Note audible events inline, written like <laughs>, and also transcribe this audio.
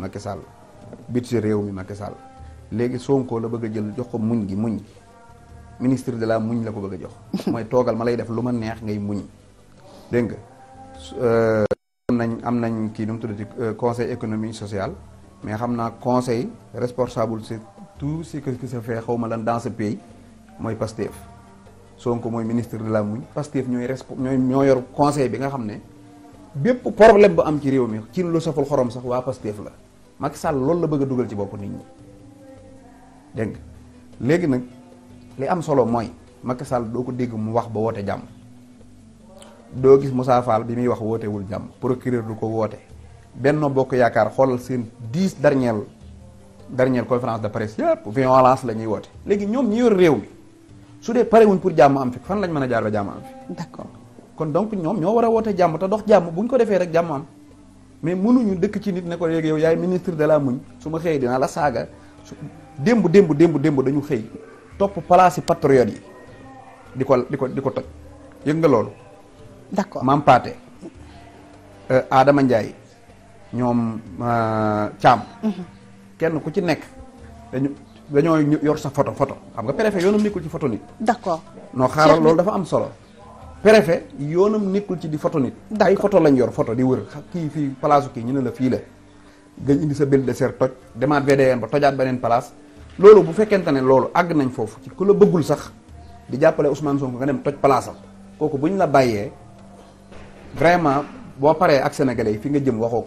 Macky bit si réew mi Macky Sall léegi Sonko la bëgg a jël jox ko muñ gi muñ ministre de la muñ la ko bëgg a jox <laughs> mooy toogal ma lay def lu ma neex ngay muñ dégg nga euh, am nañ am nañ kii nu mu ci euh, conseil économique social mais xam naa conseil responsable c'est tout ce qui se fait xaw ma la dans ce pays mooy Pastef Sonko mooy ministre de la muñ Pastef ñooy respo ñooy ñoo yor conseil bi nga xam ne bépp problème bu am ci réew mi ci lu saful xorom sax waa Pastef la Macky Sall loolu la bëgg a dugal ci bopp nit ñi dégg nga léegi nag li am solo mooy Macky Sall doo ko dégg mu wax ba woote jàmm doo gis Moussa Fall bi muy wax wootewul jàmm procureur du ko woote benn Bokk Yaakaar xoolal seen dix dernière dernière conférence de presse yëpp violence la ñuy woote léegi ñoom ñi yor réew mi su dee parewuñ pour jàmm am fi fan lañ mën a jaar ba jàmm am fi d'accord kon donc ñoom ñoo war a woote jàmm te dox jàmm buñ ko defee rek jàmm am mais mënuñu dëkk ci nit ne ko léegi yow yaay ministre de la muñ su ma xëyee dinaa la saaga démb démb démb démb dañu xëy topp palaasi yi yi di ko di ko di ko toj yëg nga loolu d'accord maam aadama euh, Adama ñoom euh, Thiam mhm. kenn ku ci nekk dañu dañoo yor sa photo photo xam nga préfet yoonam nekkul ci photo nit d'accord noo xaaral loolu dafa am solo préfet yoonam nekkul ci di photo nit ay photo lañ yor photo di wër kii fii place kii ñu ne la fii la nga indi sa bill de serre toj demaat VDN ba tojaat beneen place loolu bu fekkente ne loolu àgg nañ foofu ci ku la bëggul sax di jàppale Ousmane Sonko nga dem toj palaasam am kooku bu ñu la bàyyee vraiment boo paree ak sénégalais yi fi nga jëm waxoo